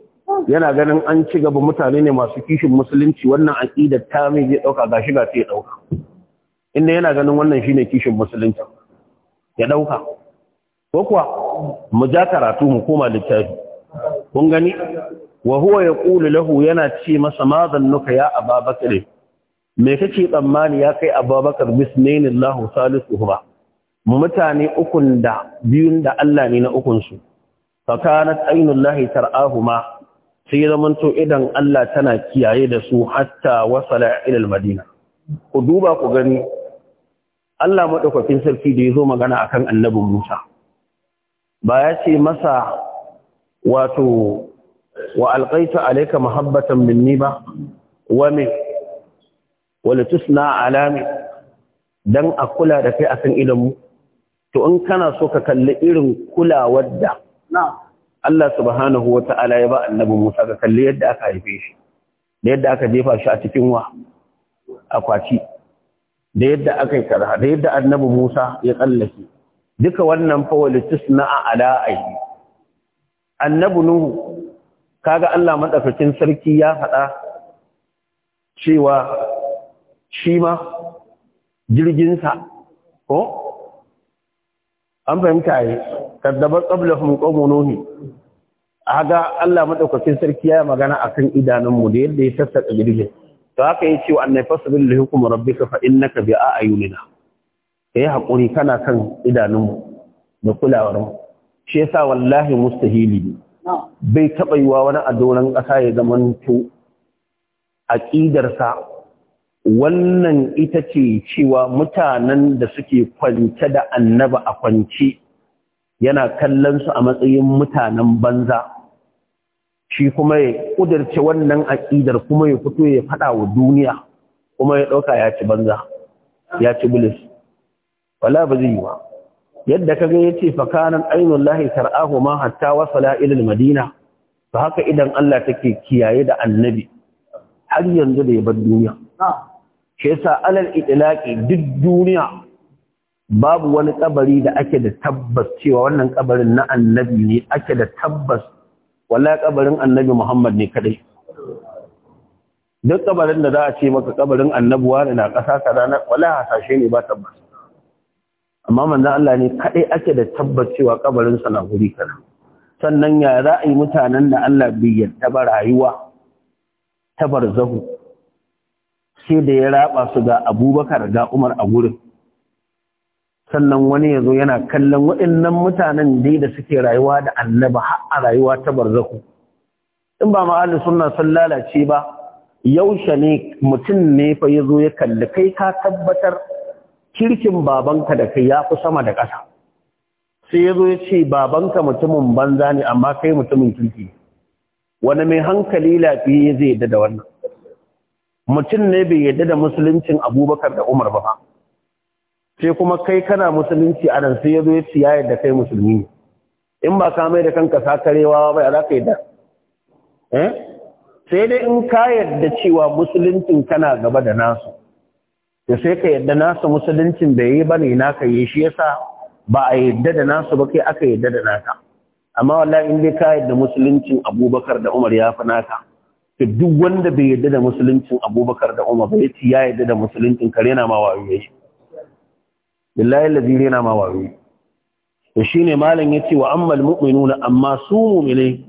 yana ganin an ci gaba mutane ne masu kishin musulunci wannan aƙidar ta mai zai ɗauka ga shiga sai ɗauka inda yana ganin wannan shine kishin musulunci ya ɗauka ko kuwa mu ja karatu mu koma littafi kun gani wa huwa yaqulu lahu yana ce masa ma zannuka ya ababakar me kake tsammani ya kai ababakar Salisu salisuhuma mutane ukun da biyun da Allah ne na ukun su fakanat ainullahi tar'ahuma sai ya zamanto idan Allah tana kiyaye da su hatta wasala ila madina ku duba ku gani Allah madaukakin sarki da yazo magana akan annabi Musa ba ya ce masa wato wa alqaita alayka mahabbatan minni ba wa min wala tusna alami dan a kula da kai akan idan mu to in kana so ka kalli irin kulawar da Allah subhanahu wa ta'ala ya ba annabi Musa ga kalli yadda aka haife shi da yadda aka jefa shi a cikin wa akwati da yadda aka yi karha da yadda annabi Musa ya tsallake duka wannan fa na ala ayyi annabi Nuhu kaga Allah madaukakin sarki ya faɗa cewa shi ma jirginsa ko an fahimta yi kaddabar qablahum qawmun nuhi aga Allah madaukakin sarki ya magana akan idanunmu da yadda ya sassaka girgin to haka yace wa annai fasbil li hukm rabbika fa innaka bi ayunina kai hakuri kana kan idanunmu da kulawar mu shi yasa wallahi mustahili ne. bai taɓa yiwa wani a doran kasa ya zaman to aqidarsa wannan ita ce cewa mutanen da suke kwance da annaba a kwance yana kallon su a matsayin mutanen banza shi kuma ya kudurce wannan aƙidar kuma ya fito ya faɗawa wa duniya kuma ya ɗauka ya ci banza ya ci bilis wala ba zai yi ba yadda kaga ya ce fakanan ainihin lahi tar'ahu ma hatta wasala ilil madina ba haka idan Allah take kiyaye da annabi har yanzu da ya bar duniya shi yasa alal itilaki duk duniya babu wani kabari da ake da tabbas cewa wannan kabarin na annabi ne ake da tabbas Wala kabarin annabi Muhammad ne kadai duk kabarin da za a ce maka kabarin annabi wani na ƙasa ka ranar wala hasashe ne ba tabbas amma manzon Allah ne kadai ake da tabbas cewa kabarin sa na guri kana sannan ya za a yi mutanen da Allah bai yarda ba rayuwa ta barzahu sai da ya raba su ga abubakar ga umar a gurin sannan wani ya zo yana kallon waɗannan mutanen dai da suke rayuwa da annaba har a rayuwa ta barzaku in ba ma'alin suna sun lalace ba yaushe ne mutum ne fa ya zo ya kalli kai ka tabbatar kirkin babanka da kai ya fi sama da ƙasa sai ya zo ya ce babanka mutumin banza ne amma kai mutumin kirki wani mai hankali lafiya zai yadda da wannan mutum ne bai yadda da musuluncin abubakar da umar ba sai kuma kai kana musulunci a nan sai ya zo ya ci yadda kai musulmi in ba ka mai da kanka sakarewa ba za ka yadda eh? sai dai in ka yadda cewa musuluncin kana gaba da nasu da sai ka yadda nasu musuluncin bai yi ba ne ka yi shi yasa ba a yadda da nasu ba kai aka yadda da naka amma wallahi in dai ka yadda musuluncin abubakar da umar ya fi naka to duk wanda bai yarda da musuluncin abubakar da umar ba ya ya yarda da musuluncin kare yana ma wayo yayi billahi allazi rena ma wayo to shine malam yace wa ammal mu'minuna amma su mu'mine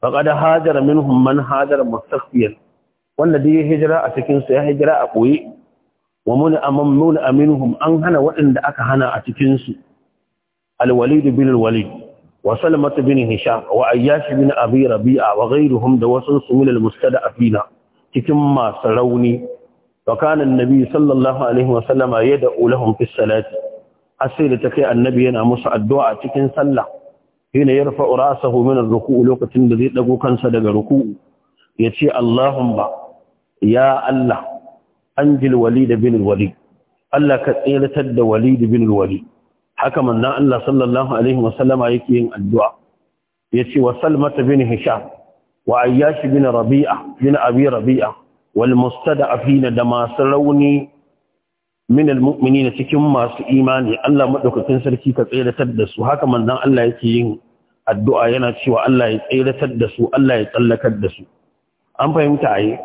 faqad hajara minhum man hajara mustakhfiyan wanda da ya hijira a cikin su ya hijira a koyi wa mun amamnun aminhum an hana waɗanda aka hana a cikin su al-walid bin walid وسلمة بن هشام وأياش بن أبي ربيعة وغيرهم دوسن سمول المستدعفين تكما سروني وكان النبي صلى الله عليه وسلم يدعو لهم في الصلاة أسير تكي النبي أنا مسعى الدعاء تكين صلى حين يرفع رأسه من الركوع لوقة الذي لقو كان صدق ركوع يتي اللهم يا الله أنجل وليد بن الوليد الله كثيرة وليد بن الوليد haka manzon Allah sallallahu alaihi wasallama yake yin addu'a ce wa salmata bin hisham wa ayyash bin rabi'a bin abi rabi'a wal afina da masu rauni min na cikin masu imani Allah madaukakin sarki ka tsayratar da su haka manzon Allah yake yin addu'a yana cewa Allah ya tsayratar da su Allah ya tsallakar da su an fahimta ai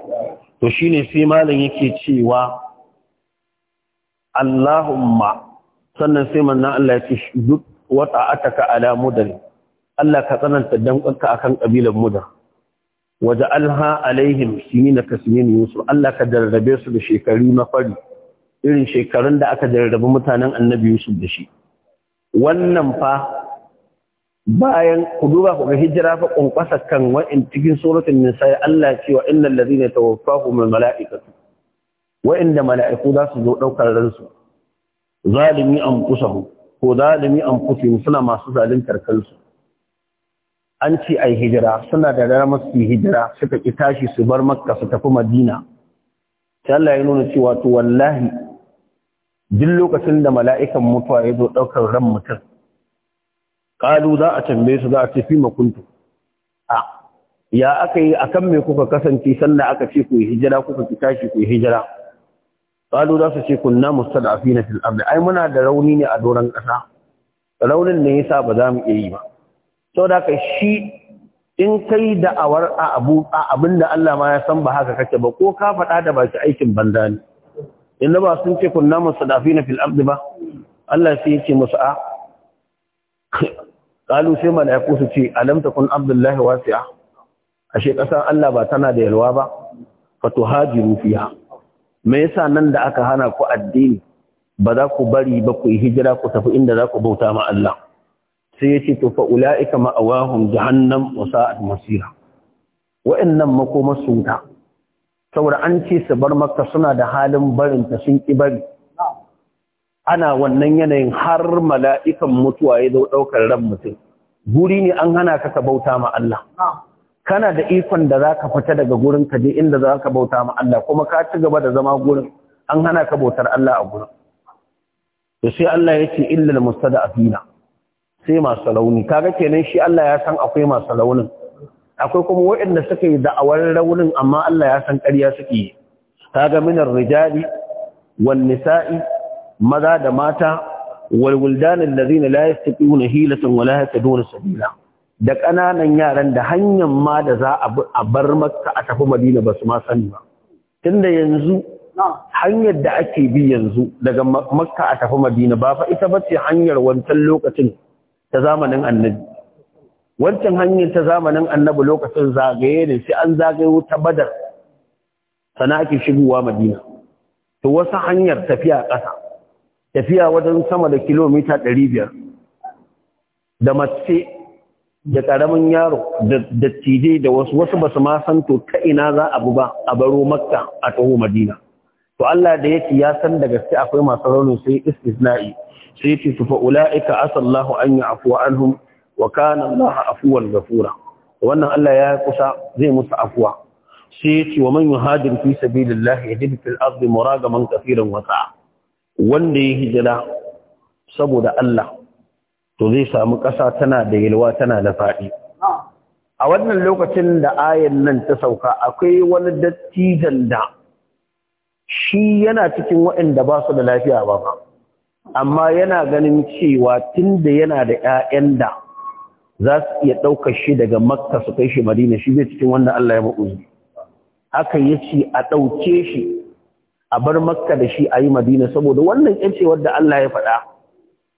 to shine sai malam yake cewa Allahumma sannan sai manna Allah ya ce duk wata ataka ala ne. Allah ka tsananta danƙonka akan kabilan muda. waje alha alaihim sinina kasmin yusuf Allah ka jarrabe su da shekaru na fari irin shekarun da aka jarrabe mutanen annabi yusuf da shi wannan fa bayan ku duba ku ga hijira fa kunkwasa kan wa'in cikin suratul nisa Allah cewa innal ladina tawaffahum al mala'ikatu wa'inda mala'iku za su zo daukar ransu zalimi an kusahu ko zalimi an kusahu suna masu zaluntar kansu an ce ai hijira suna da ramar su hijira suka ki tashi su bar makka su tafi madina sai Allah ya nuna cewa to wallahi duk lokacin da mala'ikan mutuwa ya zo ɗaukar ran mutum Kalu za a tambaye su za a tafi makuntu a ya aka yi akan me kuka kasance sannan aka ce ku hijira kuka ki tashi ku hijira Kalu za su ce kunna na fil ardi ai muna da rauni ne a doran kasa raunin ne yasa ba za mu iya yi ba saboda ka shi in kai da a abu a abinda Allah ma ya san ba haka kake ba ko ka faɗa da baki aikin banza ne inda ba sun ce kunna na fil ardi ba Allah sai ya ce musu a qalu sai malaiku su ce alam takun abdullahi wasi'a ashe kasan Allah ba tana da yalwa ba fatuhajiru fiha me yasa nan da aka hana ku addini ba za ku bari ba ku yi hijira ku tafi inda za ku bauta ma Allah sai yace to fa ulaika ma'awahum jahannam wa sa'at masira wa'annan makoma sunta saboda an ce su bar makka suna da halin barin ta sun ki bari ana wannan yanayin har mala'ikan mutuwa ya zo daukar ran mutum guri ne an hana ka ka bauta ma Allah kana da ikon da za ka fita daga gurin ka je inda za ka bauta ma Allah kuma ka ci gaba da zama gurin an hana ka bautar Allah a gurin to sai Allah ya ce illal mustada'afina sai masu launi kaga kenan shi Allah ya san akwai masu launin akwai kuma waɗanda suka yi da'awar raunin amma Allah ya san ƙarya suke yi kaga minar rijali wan nisa'i maza da mata wal wildan alladhina la yastati'una hilatan wala yahtaduna sabila da ƙananan yaran da hanyar ma da za a bar maka a tafi madina ba su ma sani ba tunda yanzu hanyar da ake bi yanzu daga makka a tafi madina ba fa ita ba ce hanyar wancan lokacin ta zamanin annabi wancan hanyar ta zamanin annabi lokacin zagaye ne sai an zagaye wuta badar sana ake shigowa madina to wasu hanyar tafiya ƙasa tafiya wajen sama da kilomita ɗari biyar da mace da ƙaramin yaro da dattijai da wasu wasu ba su ma san to ta ina za a bu ba a baro makka a taho madina to Allah da yake ya san da gaske akwai masu raunin sai istisna'i sai yake su fa ulaika asallahu an afuwar anhum wa kana Allah afuwan wannan Allah ya kusa zai musu afuwa sai yace wa man yuhadir fi sabilillah yajid fil ardi muragaman kaseeran wa wanda ya hijira saboda Allah to zai samu ƙasa tana da yalwa tana da faɗi a wannan lokacin da ayan nan ta sauka akwai wani dattijan da shi yana cikin waɗanda ba su da lafiya ba amma yana ganin cewa tun da yana da 'ya'yan da za su iya ɗaukar shi daga makka su kai shi madina shi zai cikin wanda Allah ya ma'uzu aka yi ci a ɗauke shi a bar makka da shi a yi madina saboda wannan ƴancewar da Allah ya faɗa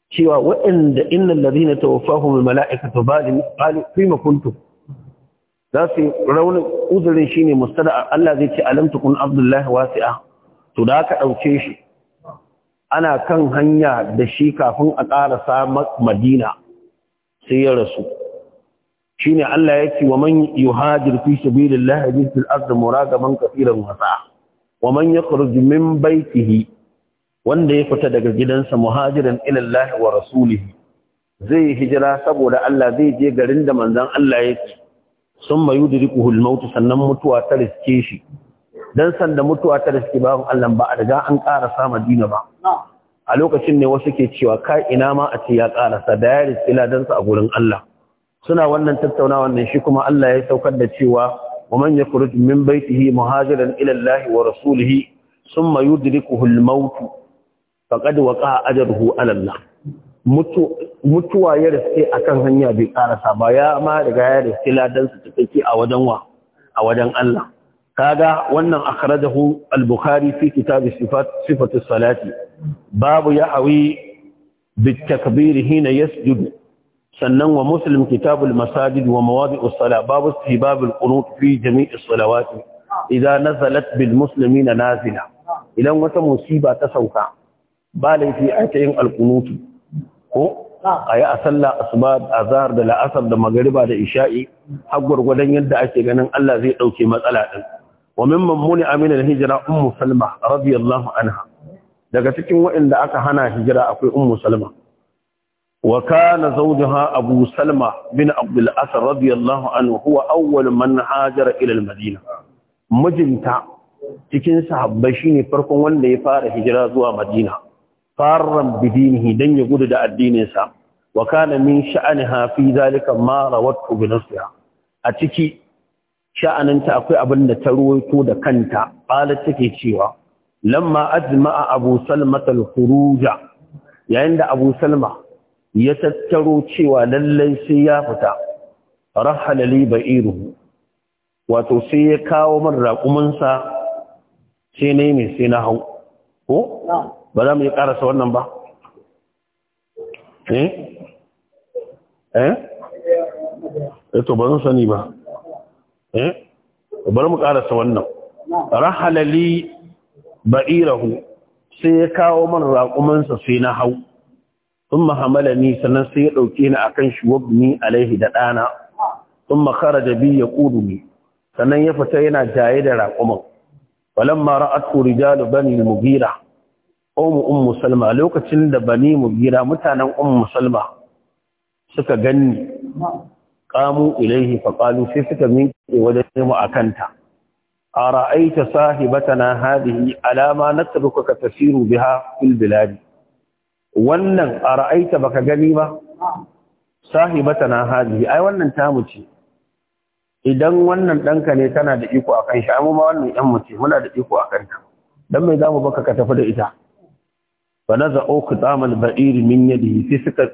cewa waɗanda innal ladina ta al mala'ikatu balimi qalu fima kuntum za su raunin uzurin shine mustada Allah zai ce alam tukun abdullahi wasi'a to da aka dauke shi ana kan hanya da shi kafin a ƙarasa madina sai ya rasu shine Allah ya ce wa man yuhajir fi sabilillahi yajid fil ardi muragaman kaseeran wasa wa man yakhruj min baytihi wanda ya fita daga gidansa muhajirin ilallahi wa rasulihi zai yi hijira saboda Allah zai je garin da manzon Allah yake sun mayu da rikuhul hulmautu sannan mutuwa ta riske shi Don sanda mutuwa ta riske babu Allah ba a riga an karasa Madina ba a lokacin ne wasu ke cewa ka ina ma a ce ya sa da ya riske ladansa a gurin Allah suna wannan tattaunawa ne shi kuma Allah ya saukar da cewa wa man yakhruj min baitihi muhajiran ila Allah wa rasulihi thumma wa waqa ajruhu ala alalla. mutuwa ya riske kan hanya bai karasa ba ya ma daga ya riske ladan su tafi a wajen wa a wajen Allah kaga wannan akhrajahu al-bukhari fi kitab sifat sifatu salati babu yahwi بالتكبير حين يسجد sannan wa muslim kitabul masajid wa mawadi'us salat babu istihbabul qunut fi jami'is salawat idza nazalat bil muslimina nazila idan wata musiba ta sauka ba laifi a ta yin alkunutu ko a yi a sallah asuba a zahar da la'asar da magariba da isha'i har gwargwadon yadda ake ganin Allah zai ɗauke matsala ɗin wa min mammuni amina da hijira ummu salma radiyallahu anha daga cikin waɗanda aka hana hijira akwai ummu salma wa kana zawjaha abu salma bin abdul asad radiyallahu anhu huwa awwal man hajara ila al madina mijinta cikin sahabbai shine farkon wanda ya fara hijira zuwa madina farran bidinihi dan ya gudu da addininsa wa kana min sha'aniha fi zalika ma rawatu bi a ciki sha'aninta akwai abin da ta ruwaito da kanta qalat take cewa lamma a abu salma al yayin da abu salma ya tattaro cewa lallai sai ya fita rahala li ba'iruhu wato sai ya kawo min raƙuminsa sai ne mai sai na hau ko ba za mu yi karasa wannan ba eh? eh eh to ba zan sani ba eh bari mu karasa wannan rahalali ba'irahu sai ya kawo man raƙumansa sai na hau sun mahamala ni sannan sai ya ɗauke ni akan kan shuwabni alaihi da ɗana sun makara da biyu ya ƙudu ni sannan ya fita yana jaye da raƙuman walan ra'atu rijalu bani mugira umu ummu salma lokacin da bani mu gira mutanen ummu salma suka ganni qamu ilaihi fa sai suka minke wajen nemo akanta ara'aita sahibatana hadhihi alama natrukuka tasiru biha fil bilad wannan ara'aita baka gani ba sahibatana hadhihi ai wannan tamu ce idan wannan danka ne tana da iko akan shi amma wannan yan mu ce muna da iko akan ta dan mai zamu baka ka tafi da ita fa naza'u qitam al-ba'ir min yadihi sai suka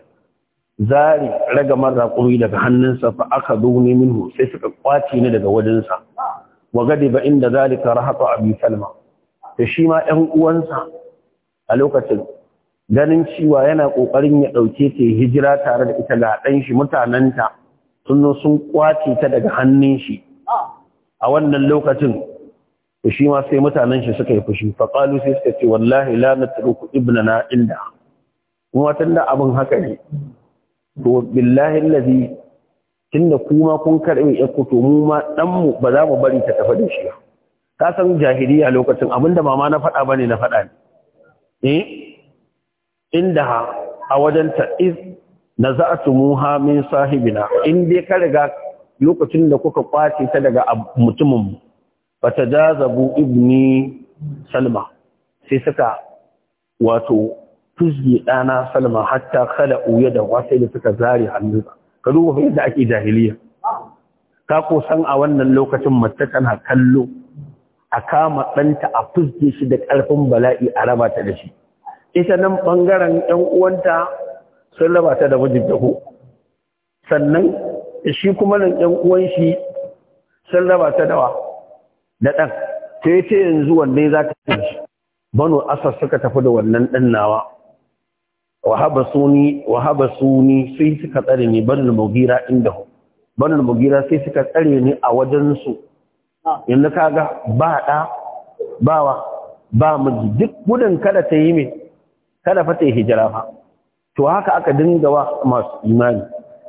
zari ragamar raƙumi daga hannunsa fa aka duni minhu sai suka kwace ni daga wajensa wa ba inda zalika rahata abi salma to shi ma ɗan uwansa a lokacin ganin ciwa yana ƙoƙarin ya ɗauke ta hijira tare da ita ga ɗan shi mutanenta sun sun kwace ta daga hannun shi a wannan lokacin to shi ma sai mutanen shi suka yi fushi fa qalu sai suka ce wallahi la natruku ibnana inda kuma tunda abin haka ne to billahi allazi tunda kuma kun karbe yakku to mu ma dan mu ba za mu bari ta tafi da shi ka san jahiliya lokacin abinda mama na faɗa bane na faɗa ne eh inda a wajen ta iz muha min sahibina in dai ka riga lokacin da kuka kwace ta daga mutumin mu bata jazabu ibni salma sai suka wato tuzgi ɗana salma hatta kala uya da wasai da suka zare hannunsa ka duba fa yadda ake jahiliya ka ko san a wannan lokacin mace tana kallo a kama ɗanta a fuske shi da ƙarfin bala'i a raba ta da shi ita nan ɓangaren ɗan uwanta sun raba ta da mijinta ko sannan shi kuma nan ‘yan uwan shi sun raba ta da wa da ɗan sai ce yanzu wanne za ta tashi bano asar suka tafi da wannan ɗan nawa wahaba suni wahaba suni sai suka tsare ni banu mugira inda hu banu mugira sai suka tsare ni a wajen su yanzu kaga ba ɗa bawa ba miji duk gudun kada ta yi mai kada fa ta yi hijira fa to haka aka dinga wa masu imani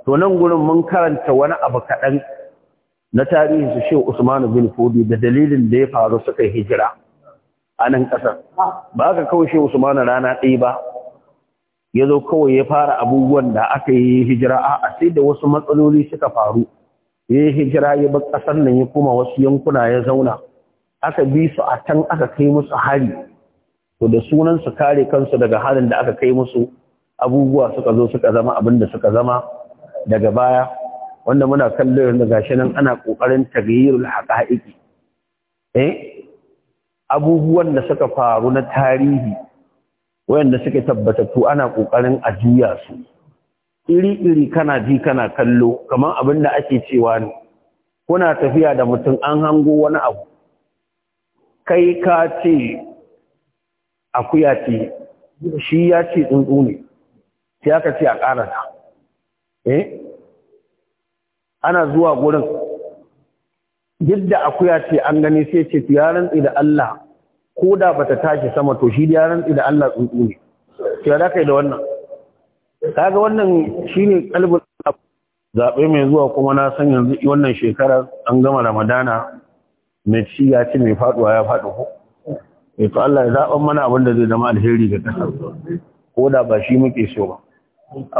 to nan gurin mun karanta wani abu kaɗan na tarihin su shi Usman bin Fudi da dalilin da ya faru suka hijira a nan ƙasar ba ka kawai shi Usman rana ɗaya ba ya zo kawai ya fara abubuwan da aka yi hijira a sai da wasu matsaloli suka faru ya yi hijira ya bar ƙasar nan ya koma wasu yankuna ya zauna aka bi su a can aka kai musu hari to da sunan su kare kansu daga harin da aka kai musu abubuwa suka zo suka zama abin da suka zama daga baya wanda muna kallon yanzu gashi nan ana kokarin tagayyirul haqa'iqi eh abubuwan da suka faru na tarihi wayanda suke tabbatattu ana kokarin a juya su iri iri kana ji kana kallo kamar abin da ake cewa ne kuna tafiya da mutum an hango wani abu kai ka ce akuya ce shi ya ce tsuntsu ne sai aka ce a ƙara eh ana zuwa gurin duk da akuya ce an gani sai ce ya rantsi da Allah ko da bata tashi sama to shi ya rantsi da Allah tsuntsu ne to ya kai da wannan kaga wannan shine kalbin zabe mai zuwa kuma na san yanzu wannan shekarar an gama Ramadana mai ci ya ci mai faduwa ya fadu ko eh to Allah ya zaban mana abin da zai zama alheri ga kasar ko da ba shi muke so ba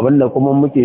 abinda kuma muke